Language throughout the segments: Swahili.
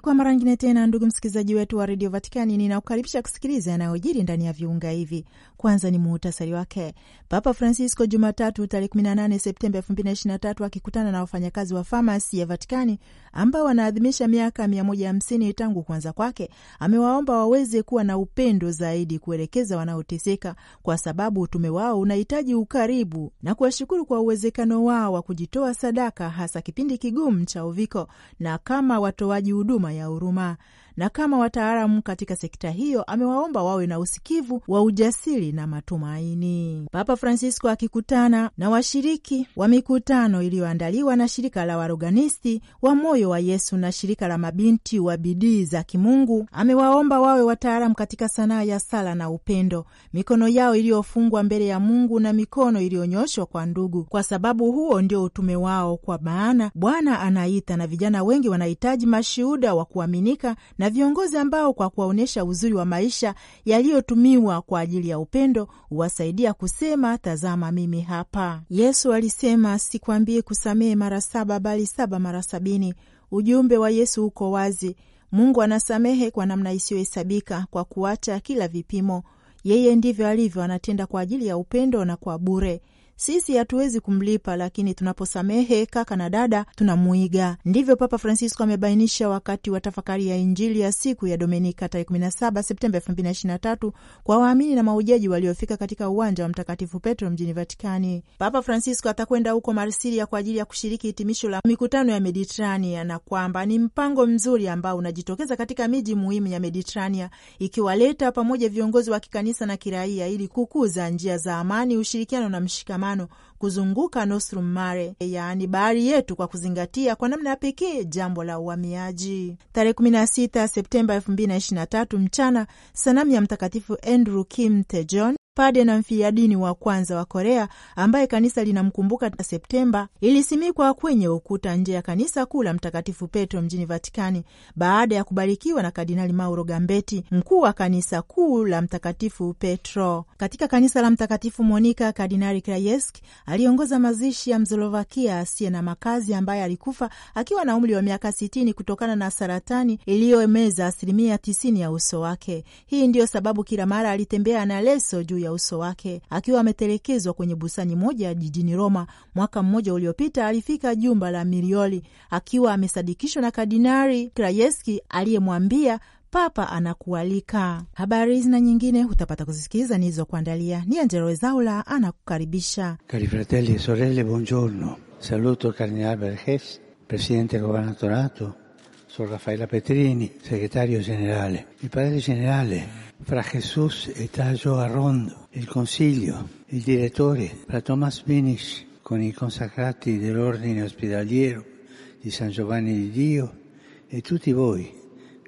Vatikani. Kwa mara nyingine tena, ndugu msikilizaji wetu wa redio Vatikani, ninakukaribisha kusikiliza yanayojiri ndani ya viunga hivi. Kwanza ni muhutasari wake. Papa Francisco Jumatatu tarehe 18 Septemba 2023 akikutana na wafanyakazi wa famasi ya Vatikani ambao wanaadhimisha miaka 150 tangu kuanza kwake, amewaomba waweze kuwa na upendo zaidi kuelekeza wanaoteseka, kwa sababu utume wao unahitaji ukaribu, na kuwashukuru kwa uwezekano wao wa kujitoa sadaka, hasa kipindi kigumu cha uviko na kama watoaji huduma huduma ya huruma. na kama wataalamu katika sekta hiyo amewaomba wawe na usikivu wa ujasiri na matumaini. Papa Francisco akikutana na washiriki wa mikutano iliyoandaliwa na shirika la waroganisti wa moyo wa Yesu na shirika la mabinti wa bidii za kimungu amewaomba wawe wataalamu katika sanaa ya sala na upendo, mikono yao iliyofungwa mbele ya Mungu na mikono iliyonyoshwa kwa ndugu, kwa sababu huo ndio utume wao, kwa maana Bwana anaita na vijana wengi wanahitaji mashuhuda wa kuaminika na viongozi ambao kwa kuwaonyesha uzuri wa maisha yaliyotumiwa kwa ajili ya upendo huwasaidia kusema, tazama mimi hapa. Yesu alisema, sikwambie kusamehe mara saba, bali saba mara sabini. Ujumbe wa Yesu uko wazi. Mungu anasamehe kwa namna isiyohesabika, kwa kuacha kila vipimo. Yeye ndivyo alivyo, anatenda kwa ajili ya upendo na kwa bure. Sisi hatuwezi kumlipa, lakini tunaposamehe kaka na dada tunamuiga. Ndivyo Papa Francisco amebainisha wakati wa tafakari ya Injili ya siku ya Dominika tarehe 17 Septemba 2023 kwa waamini na maujaji waliofika katika uwanja wa Mtakatifu Petro mjini Vatikani. Papa Francisco atakwenda huko Marsilia kwa ajili ya kushiriki hitimisho la mikutano ya Mediterania na kwamba ni mpango mzuri ambao unajitokeza katika miji muhimu ya Mediterania, ikiwaleta pamoja viongozi wa kikanisa na kiraia ili kukuza njia za amani, ushirikiano na mshikamano mapambano kuzunguka Nostrum Mare, yaani bahari yetu, kwa kuzingatia kwa namna ya pekee jambo la uhamiaji. Tarehe 16 Septemba 2023 mchana, sanamu ya Mtakatifu Andrew Kim Tejon Pade na mfiadini wa kwanza wa Korea ambaye kanisa linamkumbuka Septemba ilisimikwa kwenye ukuta nje ya kanisa kuu la Mtakatifu Petro mjini Vatikani baada ya kubarikiwa na Kardinali Mauro Gambeti, mkuu wa kanisa kuu la Mtakatifu Petro. Katika kanisa la Mtakatifu Monika, Kardinali Krajewski aliongoza mazishi ya Mslovakia asiye na makazi ambaye alikufa akiwa na umri wa miaka sitini kutokana na saratani iliyomeza asilimia tisini ya uso wake. Hii ndiyo sababu kila mara alitembea na leso juu ya uso wake. Akiwa ametelekezwa kwenye bustani moja jijini Roma mwaka mmoja uliopita, alifika jumba la Mirioli akiwa amesadikishwa na Kardinari krayeski aliyemwambia Papa anakualika. Habari hizi na nyingine hutapata kuzisikiliza nilizokuandalia. Ni Angelo Zaula anakukaribisha. Cari fratelli e sorelle, buongiorno. Saluto Kardinal Berhes, presidente governatorato Sono Raffaella Petrini, segretario generale. Il padre generale fra Jesús e Tajo Arrondo, il consiglio, il direttore fra Thomas Binish con i consacrati dell'ordine ospedaliero di San Giovanni di Dio e tutti voi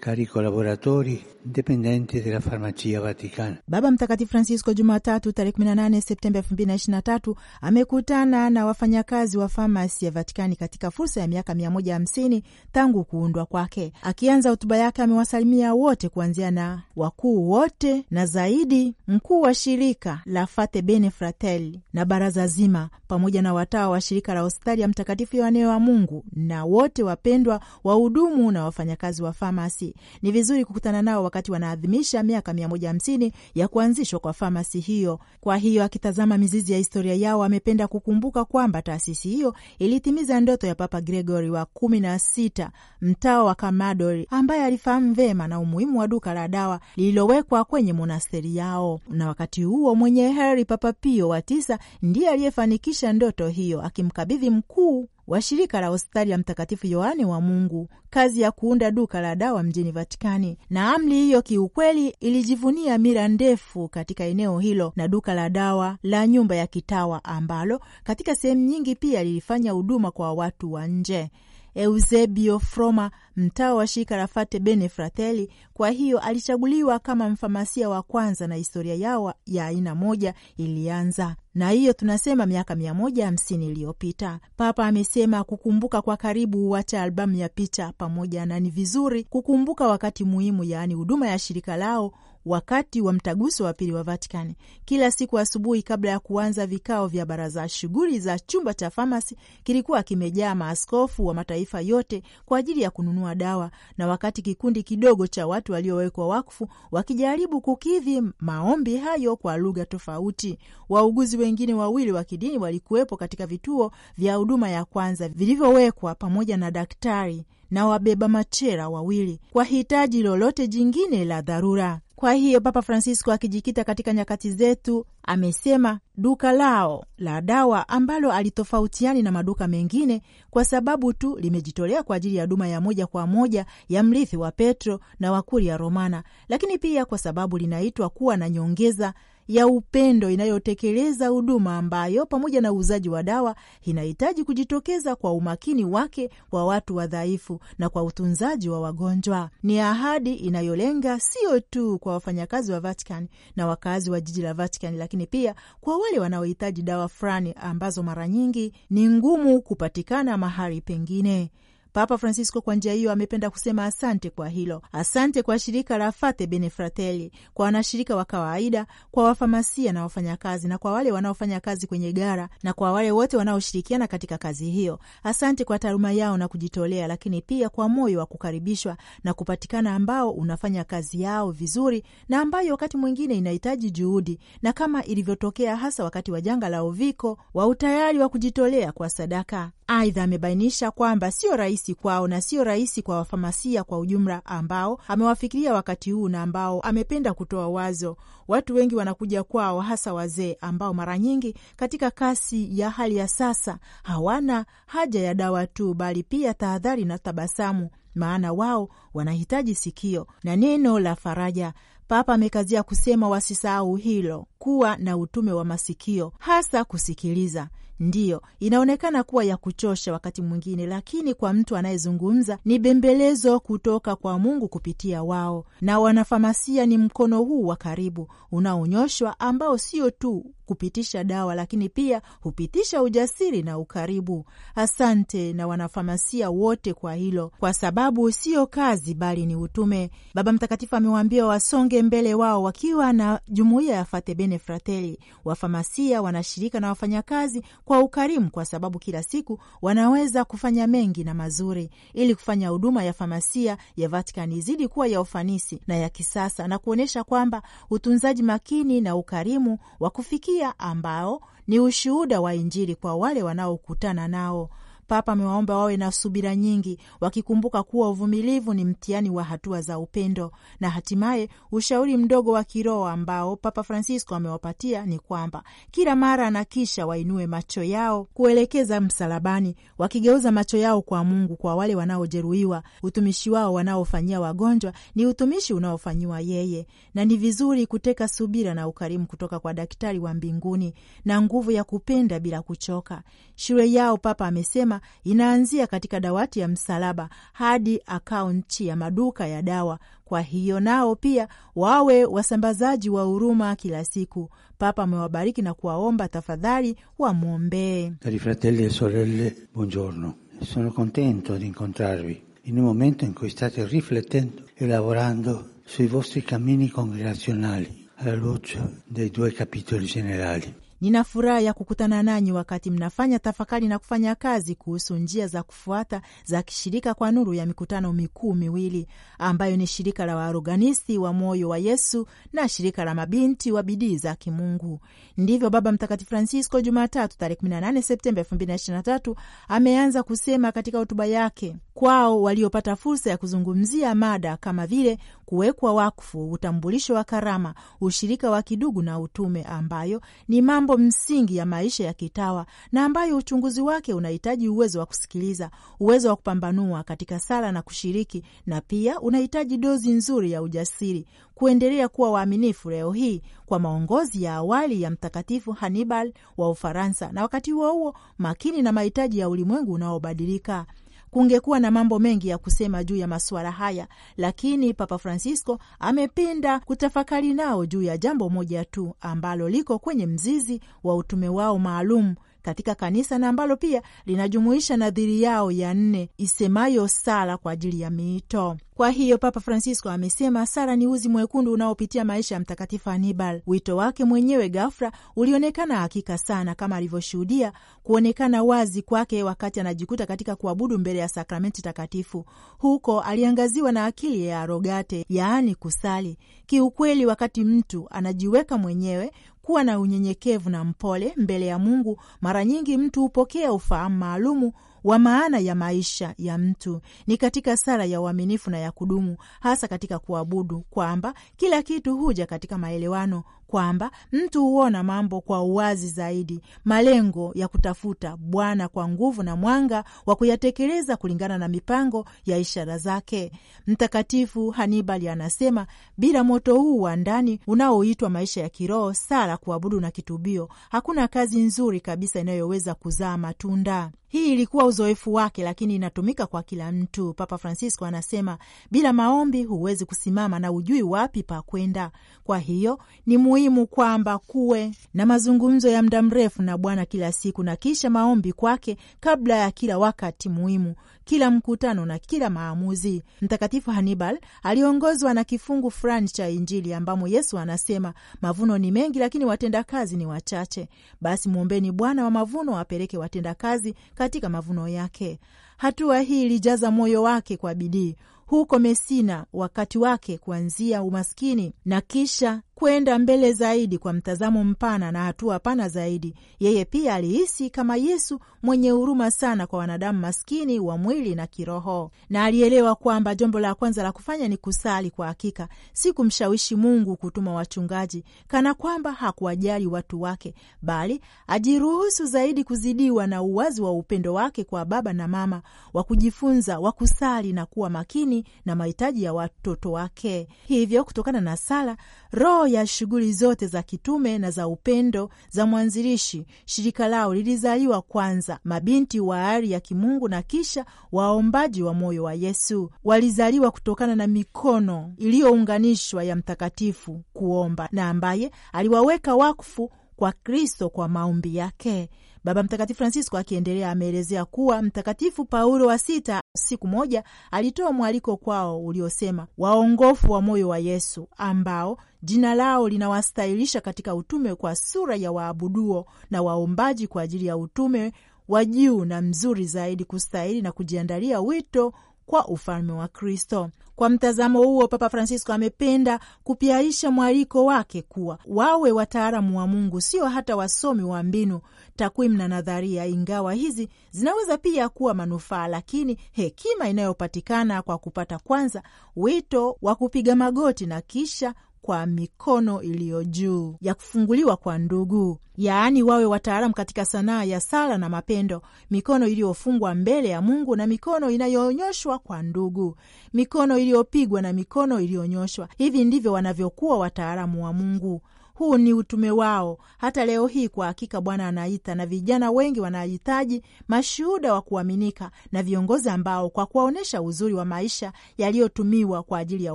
cari collaboratori dipendenti della farmacia Vaticana. Baba Mtakatifu Francisco Jumatatu tarehe 18 Septemba 2023 amekutana na wafanyakazi wa farmasi ya Vatikani katika fursa ya miaka 150 tangu kuundwa kwake. Akianza hotuba yake, amewasalimia wote kuanzia na wakuu wote na zaidi mkuu wa shirika la Fate Bene Fratelli na baraza zima pamoja na watawa wa shirika la hospitali ya Mtakatifu Yohane wa Mungu na wote wapendwa wahudumu na wafanyakazi wa farmasi ni vizuri kukutana nao wakati wanaadhimisha miaka 150 ya kuanzishwa kwa famasi hiyo. Kwa hiyo, akitazama mizizi ya historia yao, amependa kukumbuka kwamba taasisi hiyo ilitimiza ndoto ya Papa Gregory wa kumi na sita mtao wa Kamadori, ambaye alifahamu vema na umuhimu wa duka la dawa lililowekwa kwenye monasteri yao, na wakati huo mwenye heri Papa Pio wa tisa ndiye aliyefanikisha ndoto hiyo akimkabidhi mkuu wa shirika la hospitali ya Mtakatifu Yohane wa Mungu kazi ya kuunda duka la dawa mjini Vatikani, na amri hiyo kiukweli ilijivunia mira ndefu katika eneo hilo na duka la dawa la nyumba ya kitawa ambalo katika sehemu nyingi pia lilifanya huduma kwa watu wa nje. Eusebio Froma, mtawa wa shirika la Fate Bene Fratelli. Kwa hiyo alichaguliwa kama mfamasia wa kwanza, na historia yao ya aina moja ilianza na hiyo tunasema miaka mia moja hamsini iliyopita. Papa amesema kukumbuka kwa karibu huacha albamu ya picha pamoja, na ni vizuri kukumbuka wakati muhimu, yaani huduma ya shirika lao wakati wa mtaguso wa pili wa Vatikani. Kila siku asubuhi, kabla ya kuanza vikao vya baraza, shughuli za chumba cha famasi kilikuwa kimejaa maaskofu wa mataifa yote kwa ajili ya kununua dawa, na wakati kikundi kidogo cha watu waliowekwa wakfu wakijaribu kukidhi maombi hayo kwa lugha tofauti. Wauguzi wengine wawili wa kidini walikuwepo katika vituo vya huduma ya kwanza vilivyowekwa pamoja na daktari na wabeba machera wawili kwa hitaji lolote jingine la dharura. Kwa hiyo Papa Francisco akijikita katika nyakati zetu amesema duka lao la dawa ambalo alitofautiani na maduka mengine kwa sababu tu limejitolea kwa ajili ya huduma ya moja kwa moja ya mrithi wa Petro na wakuri ya Romana, lakini pia kwa sababu linaitwa kuwa na nyongeza ya upendo inayotekeleza huduma ambayo pamoja na uuzaji wa dawa inahitaji kujitokeza kwa umakini wake kwa watu wadhaifu na kwa utunzaji wa wagonjwa. Ni ahadi inayolenga sio tu kwa wafanyakazi wa Vatican na wakazi wa jiji la Vatican, lakini pia kwa wale wanaohitaji dawa fulani ambazo mara nyingi ni ngumu kupatikana mahali pengine. Papa Francisco kwa njia hiyo amependa kusema asante kwa hilo, asante kwa shirika la Fate Bene Fratelli, kwa wanashirika wa kawaida, kwa wafamasia na wafanyakazi, na kwa wale wanaofanya kazi kwenye gara, na kwa wale wote wanaoshirikiana katika kazi hiyo. Asante kwa taaluma yao na kujitolea, lakini pia kwa moyo wa kukaribishwa na kupatikana ambao unafanya kazi yao vizuri na ambayo wakati mwingine inahitaji juhudi, na kama ilivyotokea hasa wakati wa janga la uviko, wa utayari wa kujitolea kwa sadaka Aidha, amebainisha kwamba sio rahisi kwao na sio rahisi kwa wafamasia kwa ujumla, ambao amewafikiria wakati huu na ambao amependa kutoa wazo. Watu wengi wanakuja kwao, hasa wazee ambao mara nyingi katika kasi ya hali ya sasa hawana haja ya dawa tu, bali pia tahadhari na tabasamu, maana wao wanahitaji sikio na neno la faraja. Papa amekazia kusema wasisahau hilo kuwa na utume wa masikio, hasa kusikiliza. Ndiyo, inaonekana kuwa ya kuchosha wakati mwingine, lakini kwa mtu anayezungumza ni bembelezo kutoka kwa Mungu kupitia wao. Na wanafamasia ni mkono huu wa karibu unaonyoshwa, ambao sio tu kupitisha dawa, lakini pia hupitisha ujasiri na ukaribu. Asante na wanafamasia wote kwa hilo, kwa sababu sio kazi, bali ni utume. Baba Mtakatifu amewaambia wasonge mbele wao wakiwa na jumuiya ya Fatebene Giovanni Fratelli, wafamasia wanashirika na wafanyakazi kwa ukarimu, kwa sababu kila siku wanaweza kufanya mengi na mazuri ili kufanya huduma ya famasia ya Vatican izidi kuwa ya ufanisi na ya kisasa na kuonyesha kwamba utunzaji makini na ukarimu wa kufikia ambao ni ushuhuda wa Injili kwa wale wanaokutana nao. Papa amewaomba wawe na subira nyingi, wakikumbuka kuwa uvumilivu ni mtihani wa hatua za upendo. Na hatimaye ushauri mdogo wa kiroho ambao Papa Francisco amewapatia ni kwamba kila mara na kisha wainue macho yao kuelekeza msalabani, wakigeuza macho yao kwa Mungu, kwa wale wanaojeruhiwa. Utumishi wao wanaofanyia wagonjwa ni utumishi unaofanyiwa yeye, na ni vizuri kuteka subira na ukarimu kutoka kwa daktari wa mbinguni na nguvu ya kupenda bila kuchoka. Shule yao, Papa amesema, inaanzia katika dawati ya msalaba hadi akaunti ya maduka ya dawa. Kwa hiyo nao pia wawe wasambazaji wa huruma kila siku. Papa amewabariki na kuwaomba tafadhali wamwombee. Cari fratelli e sorelle, buongiorno. Sono contento di incontrarvi in un momento in cui state riflettendo e lavorando sui vostri cammini congregazionali alla luce dei due capitoli generali. Nina furaha ya kukutana nanyi wakati mnafanya tafakari na kufanya kazi kuhusu njia za kufuata za kishirika kwa nuru ya mikutano mikuu miwili ambayo ni shirika la Waorganisti wa Moyo wa Yesu na shirika la Mabinti wa Bidii za Kimungu. Ndivyo Baba Mtakatifu Francisco Jumatatu tarehe 18 Septemba 2023 ameanza kusema katika hotuba yake kwao waliopata fursa ya kuzungumzia mada kama vile kuwekwa wakfu, utambulisho wa karama, ushirika wa kidugu na utume, ambayo ni mambo msingi ya maisha ya kitawa na ambayo uchunguzi wake unahitaji uwezo wa kusikiliza, uwezo wa kupambanua katika sala na kushiriki, na pia unahitaji dozi nzuri ya ujasiri kuendelea kuwa waaminifu leo hii kwa maongozi ya awali ya Mtakatifu Hannibal wa Ufaransa, na wakati huo huo makini na mahitaji ya ulimwengu unaobadilika. Kungekuwa na mambo mengi ya kusema juu ya masuala haya, lakini Papa Francisco amepinda kutafakari nao juu ya jambo moja tu ambalo liko kwenye mzizi wa utume wao maalum katika kanisa na ambalo pia linajumuisha nadhiri yao ya nne isemayo sala kwa ajili ya miito. Kwa hiyo Papa Francisco amesema sala ni uzi mwekundu unaopitia maisha ya Mtakatifu Anibal. Wito wake mwenyewe ghafla ulionekana hakika sana, kama alivyoshuhudia kuonekana wazi kwake wakati anajikuta katika kuabudu mbele ya sakramenti takatifu. Huko aliangaziwa na akili ya arogate, yaani kusali. Kiukweli, wakati mtu anajiweka mwenyewe kuwa na unyenyekevu na mpole mbele ya Mungu. Mara nyingi mtu hupokea ufahamu maalumu wa maana ya maisha ya mtu. Ni katika sala ya uaminifu na ya kudumu, hasa katika kuabudu, kwamba kila kitu huja katika maelewano kwamba mtu huona mambo kwa uwazi zaidi, malengo ya kutafuta Bwana kwa nguvu na mwanga wa kuyatekeleza kulingana na mipango ya ishara zake. Mtakatifu Hanibali anasema, bila moto huu wa ndani unaoitwa maisha ya kiroho, sala, kuabudu na kitubio, hakuna kazi nzuri kabisa inayoweza kuzaa matunda. Hii ilikuwa uzoefu wake, lakini inatumika kwa kila mtu. Papa Francisco anasema, bila maombi huwezi kusimama na ujui wapi pa kwenda. Kwa hiyo ni muhimu muhimu kwamba kuwe na mazungumzo ya muda mrefu na Bwana kila siku na kisha maombi kwake kabla ya kila wakati muhimu, kila mkutano na kila maamuzi. Mtakatifu Hannibal aliongozwa na kifungu fulani cha Injili ambamo Yesu anasema, mavuno ni mengi, lakini watendakazi ni wachache. Basi mwombeni Bwana wa mavuno apeleke watendakazi katika mavuno yake. Hatua hii ilijaza moyo wake kwa bidii huko Mesina wakati wake kuanzia umaskini na kisha kwenda mbele zaidi kwa mtazamo mpana na hatua pana zaidi. Yeye pia alihisi kama Yesu mwenye huruma sana kwa wanadamu maskini wa mwili na kiroho, na alielewa kwamba jambo la kwanza la kufanya ni kusali. Kwa hakika, si kumshawishi Mungu kutuma wachungaji, kana kwamba hakuwajali watu wake, bali ajiruhusu zaidi kuzidiwa na uwazi wa upendo wake kwa baba na mama, wa kujifunza, wa kusali na kuwa makini na mahitaji ya watoto wake. Hivyo, kutokana na sala roho Roho ya shughuli zote za kitume na za upendo za mwanzilishi, shirika lao lilizaliwa kwanza, mabinti wa ari ya kimungu na kisha waombaji wa moyo wa Yesu. Walizaliwa kutokana na mikono iliyounganishwa ya mtakatifu kuomba, na ambaye aliwaweka wakfu kwa Kristo kwa maombi yake. Baba Mtakatifu Francisco akiendelea ameelezea kuwa Mtakatifu Paulo wa Sita siku moja alitoa mwaliko kwao uliosema waongofu wa moyo wa Yesu, ambao Jina lao linawastahilisha katika utume kwa sura ya waabuduo na waombaji kwa ajili ya utume wa juu na mzuri zaidi, kustahili na kujiandalia wito kwa ufalme wa Kristo. Kwa mtazamo huo, Papa Francisco amependa kupiaisha mwaliko wake kuwa wawe wataalamu wa Mungu, sio hata wasomi wa mbinu, takwimu na nadharia, ingawa hizi zinaweza pia kuwa manufaa, lakini hekima inayopatikana kwa kupata kwanza wito wa kupiga magoti na kisha kwa mikono iliyo juu ya kufunguliwa kwa ndugu, yaani wawe wataalamu katika sanaa ya sala na mapendo, mikono iliyofungwa mbele ya Mungu na mikono inayoonyoshwa kwa ndugu, mikono iliyopigwa na mikono iliyonyoshwa. Hivi ndivyo wanavyokuwa wataalamu wa Mungu huu ni utume wao hata leo hii. Kwa hakika Bwana anaita na vijana wengi wanahitaji mashuhuda wa kuaminika na viongozi ambao kwa kuwaonyesha uzuri wa maisha yaliyotumiwa kwa ajili ya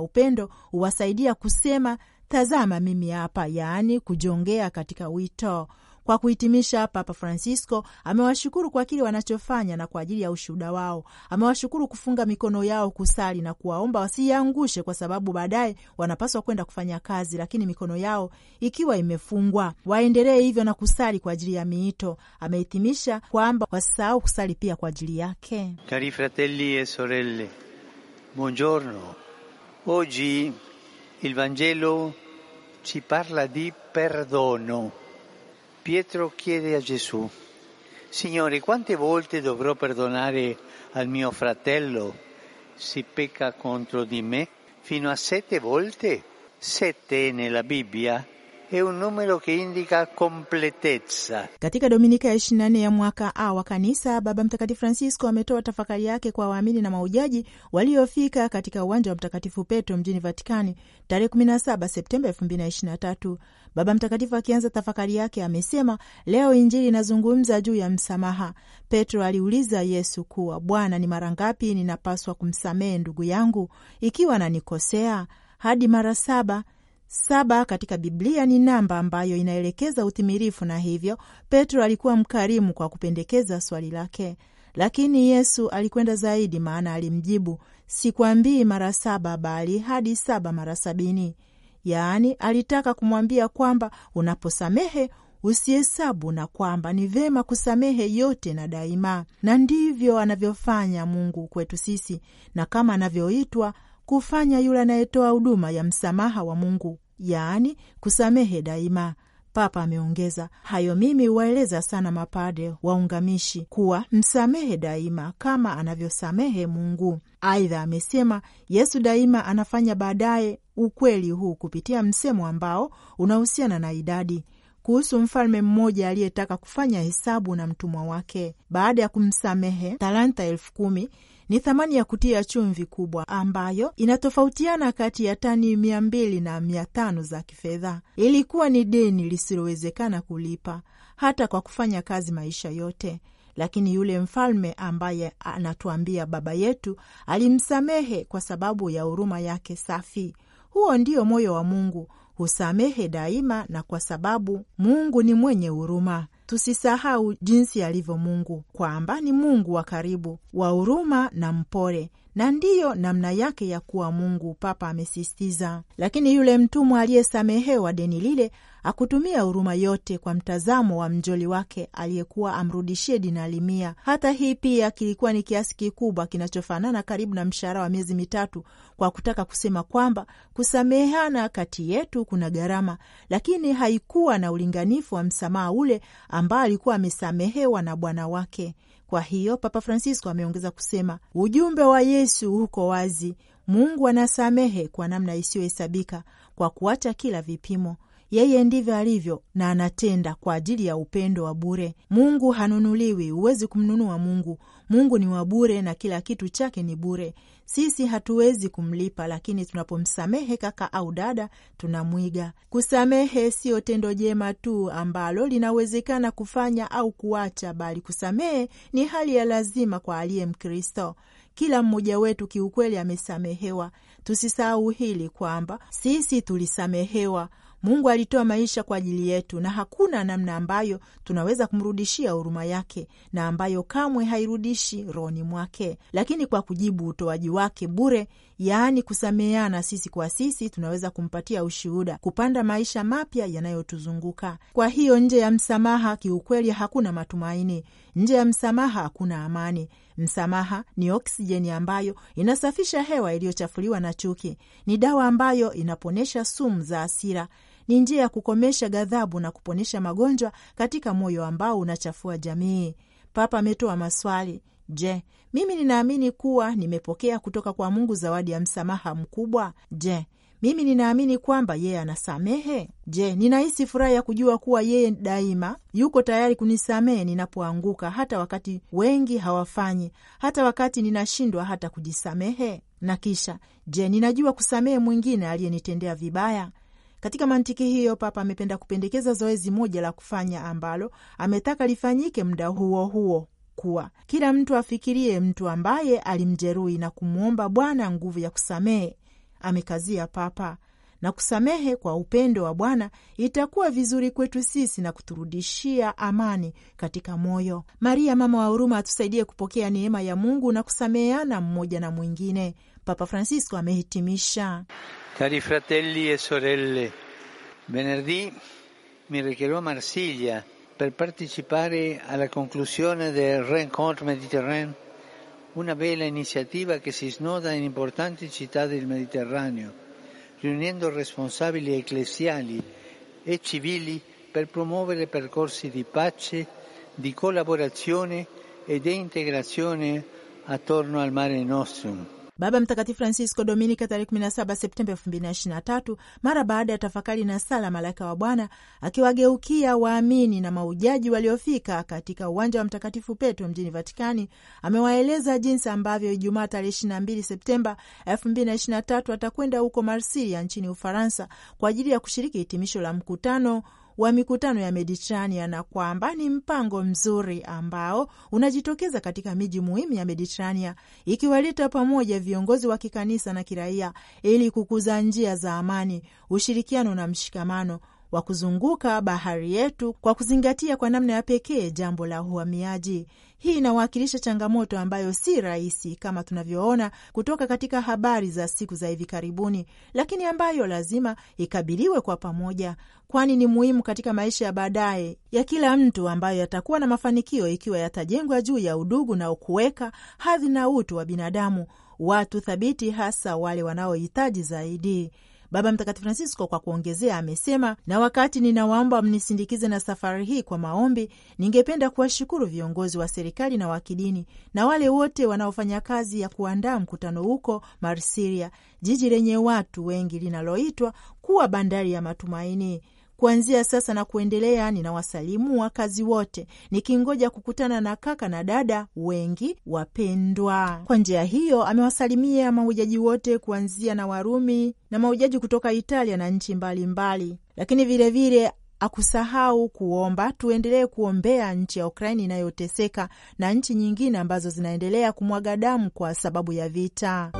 upendo huwasaidia kusema, tazama mimi hapa, yaani kujongea katika wito kwa kuhitimisha, Papa Francisco amewashukuru kwa kile wanachofanya na kwa ajili ya ushuhuda wao. Amewashukuru kufunga mikono yao kusali na kuwaomba wasiyangushe kwa sababu baadaye wanapaswa kwenda kufanya kazi, lakini mikono yao ikiwa imefungwa waendelee hivyo na kusali kwa ajili ya miito. Amehitimisha kwamba wasisahau kusali pia kwa ajili yake. Cari fratelli e sorelle, buongiorno. Oggi il Vangelo ci parla di perdono. Pietro chiede a Gesù, Signore, quante volte dovrò perdonare al mio fratello se pecca contro di me? Fino a sette volte? Sette nella Bibbia è un numero che indica completezza. Katika Dominika ya 24 ya mwaka A wa kanisa, Baba Mtakatifu Francisco ametoa tafakari yake kwa waamini na maujaji waliofika katika uwanja wa Mtakatifu Petro mjini Vatikani tarehe 17 Septemba 2023. Baba Mtakatifu akianza tafakari yake amesema, leo Injili inazungumza juu ya msamaha. Petro aliuliza Yesu kuwa, Bwana, ni mara ngapi ninapaswa kumsamehe ndugu yangu ikiwa ananikosea? Hadi mara saba. Saba katika Biblia ni namba ambayo inaelekeza utimilifu, na hivyo Petro alikuwa mkarimu kwa kupendekeza swali lake, lakini Yesu alikwenda zaidi, maana alimjibu, sikwambii mara saba, bali hadi saba mara sabini. Yaani alitaka kumwambia kwamba unaposamehe usihesabu, na kwamba ni vema kusamehe yote na daima, na ndivyo anavyofanya Mungu kwetu sisi, na kama anavyoitwa kufanya yule anayetoa huduma ya msamaha wa Mungu, yaani kusamehe daima. Papa ameongeza hayo. Mimi huwaeleza sana mapade waungamishi kuwa msamehe daima kama anavyosamehe Mungu. Aidha amesema Yesu daima anafanya baadaye ukweli huu kupitia msemo ambao unahusiana na idadi kuhusu mfalme mmoja aliyetaka kufanya hesabu na mtumwa wake. Baada ya kumsamehe talanta elfu kumi ni thamani ya kutia chumvi kubwa ambayo inatofautiana kati ya tani mia mbili na mia tano za kifedha. Ilikuwa ni deni lisilowezekana kulipa hata kwa kufanya kazi maisha yote, lakini yule mfalme ambaye anatuambia Baba yetu alimsamehe kwa sababu ya huruma yake safi. Huo ndio moyo wa Mungu, husamehe daima na kwa sababu Mungu ni mwenye huruma. Tusisahau jinsi alivyo Mungu, kwamba ni Mungu wa karibu, wa huruma na mpole, na ndiyo namna yake ya kuwa Mungu, Papa amesisitiza. Lakini yule mtumwa aliyesamehewa deni lile akutumia huruma yote kwa mtazamo wa mjoli wake aliyekuwa amrudishie dinari mia. Hata hii pia kilikuwa ni kiasi kikubwa kinachofanana karibu na mshahara wa miezi mitatu, kwa kutaka kusema kwamba kusamehana kati yetu kuna gharama, lakini haikuwa na ulinganifu wa msamaha ule ambao alikuwa amesamehewa na Bwana wake. Kwa hiyo Papa Francisco ameongeza kusema ujumbe wa Yesu uko wazi: Mungu anasamehe kwa namna isiyohesabika kwa kuacha kila vipimo yeye ndivyo alivyo na anatenda kwa ajili ya upendo wa bure. Mungu hanunuliwi, huwezi kumnunua Mungu. Mungu ni wa bure na kila kitu chake ni bure. Sisi hatuwezi kumlipa, lakini tunapomsamehe kaka au dada tunamwiga. Kusamehe siyo tendo jema tu ambalo linawezekana kufanya au kuacha, bali kusamehe ni hali ya lazima kwa aliye Mkristo. Kila mmoja wetu kiukweli amesamehewa. Tusisahau hili kwamba sisi tulisamehewa. Mungu alitoa maisha kwa ajili yetu, na hakuna namna ambayo tunaweza kumrudishia huruma yake na ambayo kamwe hairudishi rohoni mwake. Lakini kwa kujibu utoaji wake bure, yaani kusameheana sisi kwa sisi, tunaweza kumpatia ushuhuda, kupanda maisha mapya yanayotuzunguka. Kwa hiyo, nje ya msamaha kiukweli hakuna matumaini. Nje ya msamaha hakuna amani. Msamaha ni oksijeni ambayo inasafisha hewa iliyochafuliwa na chuki, ni dawa ambayo inaponyesha sumu za hasira ni njia ya kukomesha ghadhabu na kuponesha magonjwa katika moyo ambao unachafua jamii. Papa ametoa maswali: Je, mimi ninaamini kuwa nimepokea kutoka kwa Mungu zawadi ya msamaha mkubwa? Je, mimi ninaamini kwamba yeye anasamehe? Je, ninahisi furaha ya kujua kuwa yeye daima yuko tayari kunisamehe ninapoanguka, hata wakati wengi hawafanyi, hata wakati ninashindwa hata kujisamehe? Na kisha je, ninajua kusamehe mwingine aliyenitendea vibaya? Katika mantiki hiyo, Papa amependa kupendekeza zoezi moja la kufanya ambalo ametaka lifanyike muda huo huo kuwa kila mtu afikirie mtu ambaye alimjeruhi na kumwomba Bwana nguvu ya kusamehe, amekazia Papa. Na kusamehe kwa upendo wa Bwana itakuwa vizuri kwetu sisi na kuturudishia amani katika moyo. Maria mama wa huruma atusaidie kupokea neema ya Mungu na kusameheana mmoja na mwingine. Papa Francesco amehitimisha. Cari fratelli e sorelle, venerdì mi recherò a Marsiglia per partecipare alla conclusione del Rencontre Mediterraneo, una bella iniziativa che si snoda in importanti città del Mediterraneo, riunendo responsabili ecclesiali e civili per promuovere percorsi di pace, di collaborazione e di integrazione attorno al mare nostrum. Baba Mtakatifu Francisco Dominika tarehe 17 Septemba 2023 mara baada ya tafakari na sala malaika wa Bwana akiwageukia waamini na maujaji waliofika katika uwanja wa Mtakatifu Petro mjini Vatikani, amewaeleza jinsi ambavyo Ijumaa tarehe 22 Septemba 2023 atakwenda huko Marsilia nchini Ufaransa kwa ajili ya kushiriki hitimisho la mkutano wa mikutano ya Mediterania na kwamba ni mpango mzuri ambao unajitokeza katika miji muhimu ya Mediterania, ikiwaleta pamoja viongozi wa kikanisa na kiraia ili kukuza njia za amani, ushirikiano na mshikamano wa kuzunguka bahari yetu kwa kuzingatia kwa namna ya pekee jambo la uhamiaji. Hii inawakilisha changamoto ambayo si rahisi kama tunavyoona kutoka katika habari za siku za hivi karibuni, lakini ambayo lazima ikabiliwe kwa pamoja, kwani ni muhimu katika maisha ya baadaye ya kila mtu, ambayo yatakuwa na mafanikio ikiwa yatajengwa juu ya udugu na kuweka hadhi na utu wa binadamu, watu thabiti, hasa wale wanaohitaji zaidi. Baba Mtakatifu Francisco kwa kuongezea amesema, na wakati ninawaomba mnisindikize na safari hii kwa maombi, ningependa kuwashukuru viongozi wa serikali na wa kidini na wale wote wanaofanya kazi ya kuandaa mkutano huko Marsiria, jiji lenye watu wengi linaloitwa kuwa bandari ya matumaini Kuanzia sasa na kuendelea, ninawasalimu wakazi wote, nikingoja kukutana na kaka na dada wengi wapendwa. Kwa njia hiyo amewasalimia mahujaji wote kuanzia na Warumi na mahujaji kutoka Italia na nchi mbalimbali mbali. Lakini vilevile akusahau kuomba tuendelee kuombea nchi ya Ukraini inayoteseka na nchi nyingine ambazo zinaendelea kumwaga damu kwa sababu ya vita.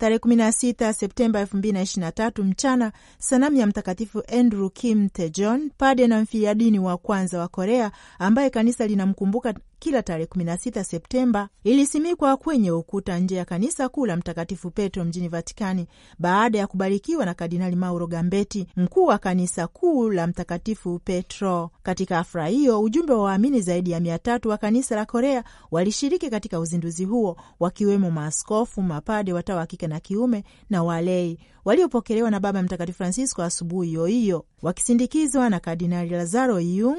Tarehe 16 Septemba 2023 mchana, sanamu ya Mtakatifu Andrew Kim Tejon, pade na mfiadini wa kwanza wa Korea ambaye kanisa linamkumbuka kila tarehe 16 Septemba ilisimikwa kwenye ukuta nje ya kanisa kuu la Mtakatifu Petro mjini Vatikani baada ya kubarikiwa na Kardinali Mauro Gambeti, mkuu wa kanisa kuu la Mtakatifu Petro. Katika afra hiyo, ujumbe wa waamini zaidi ya mia tatu wa kanisa la Korea walishiriki katika uzinduzi huo, wakiwemo maaskofu, mapade, watawa wa kike na kiume na walei waliopokelewa na Baba Mtakatifu Francisco asubuhi hiyo hiyo, wakisindikizwa na Kardinali Lazaro Yung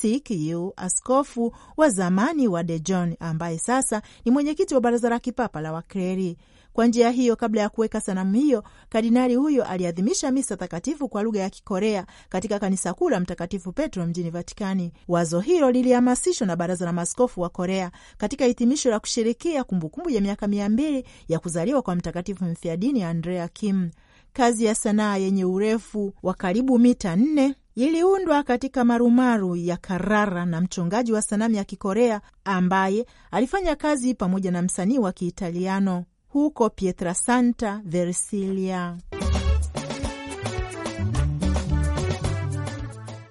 Sikiu, askofu wa zamani wa dejon ambaye sasa ni mwenyekiti wa baraza la kipapa la Wakreri. Kwa njia hiyo, kabla ya kuweka sanamu hiyo, kardinali huyo aliadhimisha misa takatifu kwa lugha ya Kikorea katika kanisa kuu la Mtakatifu Petro mjini Vatikani. Wazo hilo lilihamasishwa na baraza la maskofu wa Korea katika hitimisho la kushirikia kumbukumbu ya miaka mia mbili ya kuzaliwa kwa mtakatifu mfiadini Andrea Kim. Kazi ya sanaa yenye urefu wa karibu mita nne iliundwa katika marumaru ya Carrara na mchongaji wa sanamu ya Kikorea ambaye alifanya kazi pamoja na msanii wa Kiitaliano huko pietra santa Versilia.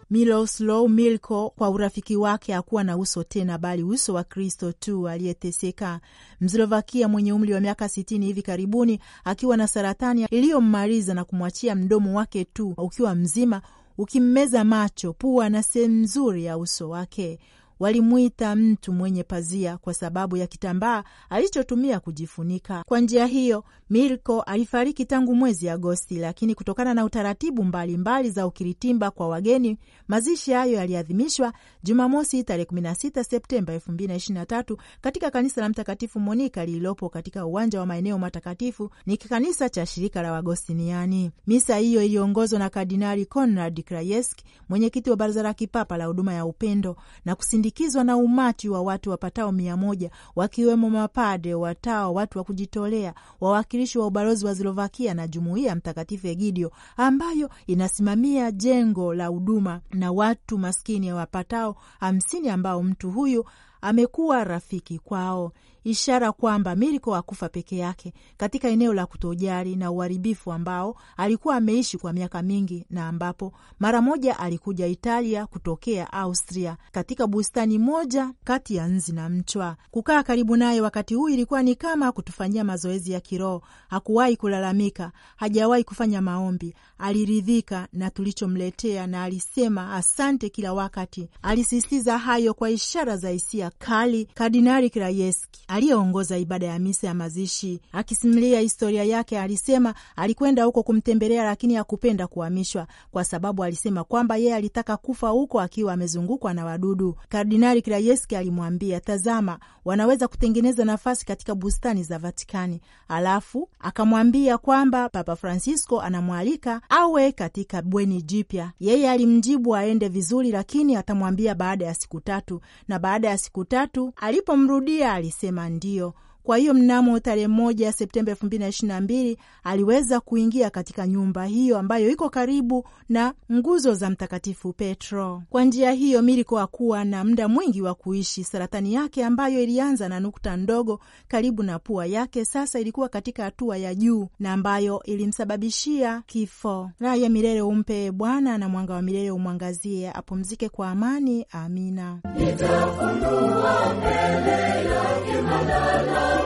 miloslow Milko kwa urafiki wake hakuwa na uso tena, bali uso wa Kristo tu aliyeteseka. Mslovakia mwenye umri wa miaka sitini hivi karibuni, akiwa na saratani iliyommaliza na kumwachia mdomo wake tu ukiwa mzima ukimmeza macho, pua na sehemu nzuri ya uso wake walimwita mtu mwenye pazia kwa sababu ya kitambaa alichotumia kujifunika. Kwa njia hiyo, Milko alifariki tangu mwezi Agosti, lakini kutokana na utaratibu mbalimbali mbali za ukiritimba kwa wageni, mazishi hayo yaliadhimishwa Jumamosi tarehe 16 Septemba 2023 katika kanisa la Mtakatifu Monika lililopo katika uwanja wa maeneo matakatifu, ni kikanisa cha shirika la Wagostiniani. Misa hiyo iliongozwa na Kardinali Konrad Krajewski, mwenyekiti wa Baraza la Kipapa la Huduma ya Upendo na kusindi yalipandikizwa na umati wa watu wapatao mia moja wakiwemo mapade, watawa, watu wa kujitolea, wawakilishi wa ubalozi wa Slovakia na jumuiya Mtakatifu Egidio ambayo inasimamia jengo la huduma na watu maskini wapatao hamsini ambao mtu huyu amekuwa rafiki kwao ishara kwamba Miriko hakufa peke yake katika eneo la kutojali na uharibifu ambao alikuwa ameishi kwa miaka mingi, na ambapo mara moja alikuja Italia kutokea Austria katika bustani moja kati ya nzi na mchwa. Kukaa karibu naye wakati huu ilikuwa ni kama kutufanyia mazoezi ya kiroho. Hakuwahi kulalamika, hajawahi kufanya maombi, aliridhika na tulichomletea na alisema asante kila wakati. Alisisitiza hayo kwa ishara za hisia kali. Kardinali Krajewski aliyeongoza ibada ya misa ya mazishi. Akisimulia historia yake, alisema alikwenda huko kumtembelea, lakini hakupenda kuhamishwa kwa sababu alisema kwamba yeye alitaka kufa huko akiwa amezungukwa na wadudu. Kardinali Krajewski alimwambia, tazama, wanaweza kutengeneza nafasi katika bustani za Vatikani. Alafu akamwambia kwamba Papa Francisco anamwalika awe katika bweni jipya. Yeye alimjibu aende vizuri, lakini atamwambia baada ya siku tatu, na baada ya siku tatu alipomrudia alisema ndio Kwa hiyo mnamo tarehe moja Septemba elfu mbili na ishirini na mbili aliweza kuingia katika nyumba hiyo ambayo iko karibu na nguzo za Mtakatifu Petro. Kwa njia hiyo, miriko hakuwa na muda mwingi wa kuishi. Saratani yake ambayo ilianza na nukta ndogo karibu na pua yake sasa ilikuwa katika hatua ya juu na ambayo ilimsababishia kifo. Raha ya milele umpe Bwana na mwanga wa milele umwangazie, apumzike kwa amani. Amina.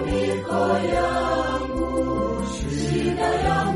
一个养无食，喜得呀。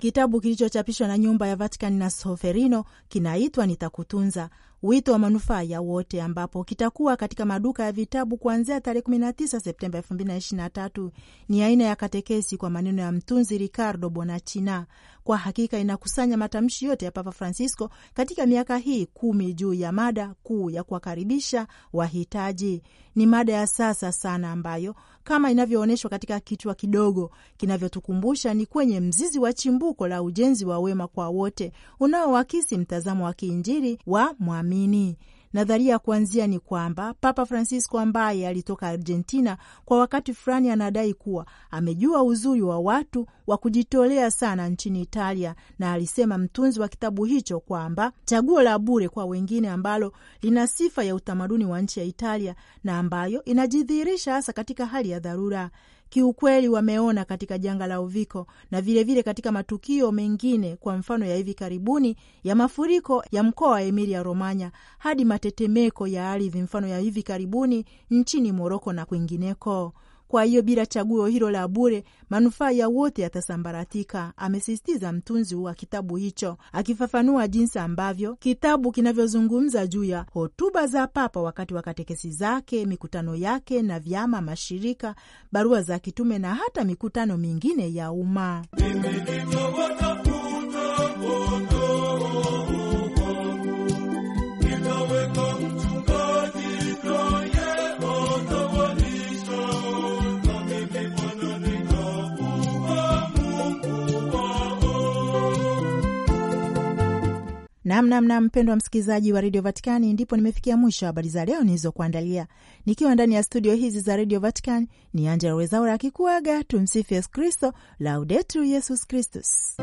Kitabu kilichochapishwa na nyumba ya Vatican na Soferino kinaitwa Nitakutunza, wito wa manufaa ya wote, ambapo kitakuwa katika maduka ya vitabu kuanzia tarehe 19 Septemba 2023. Ni aina ya katekesi kwa maneno ya mtunzi Ricardo Bonachina. Kwa hakika inakusanya matamshi yote ya Papa Francisco katika miaka hii kumi juu ya mada kuu ya kuwakaribisha wahitaji. Ni mada ya sasa sana ambayo kama inavyoonyeshwa katika kichwa kidogo kinavyotukumbusha ni kwenye mzizi wa chimbuko la ujenzi wa wema kwa wote unaoakisi mtazamo wa kiinjili wa mwamini. Nadharia ya kuanzia ni kwamba Papa Francisco ambaye alitoka Argentina kwa wakati fulani anadai kuwa amejua uzuri wa watu wa kujitolea sana nchini Italia, na alisema mtunzi wa kitabu hicho kwamba chaguo la bure kwa wengine ambalo lina sifa ya utamaduni wa nchi ya Italia na ambayo inajidhihirisha hasa katika hali ya dharura kiukweli wameona katika janga la uviko na vilevile vile katika matukio mengine, kwa mfano ya hivi karibuni ya mafuriko ya mkoa wa Emilia Romanya hadi matetemeko ya ardhi, mfano ya hivi karibuni nchini Moroko na kwingineko. Kwa hiyo bila chaguo hilo la bure, manufaa ya wote yatasambaratika, amesisitiza mtunzi wa kitabu hicho, akifafanua jinsi ambavyo kitabu kinavyozungumza juu ya hotuba za Papa wakati wa katekesi zake, mikutano yake na vyama, mashirika, barua za kitume na hata mikutano mingine ya umma. Namnamna mpendwa msikilizaji wa redio Vatikani, ndipo nimefikia mwisho habari za leo nilizokuandalia nikiwa ndani ya studio hizi za redio Vatikani. Ni Angela Wezaura akikuaga. Tumsifu Yesu Kristo, laudetur Yesus Kristus.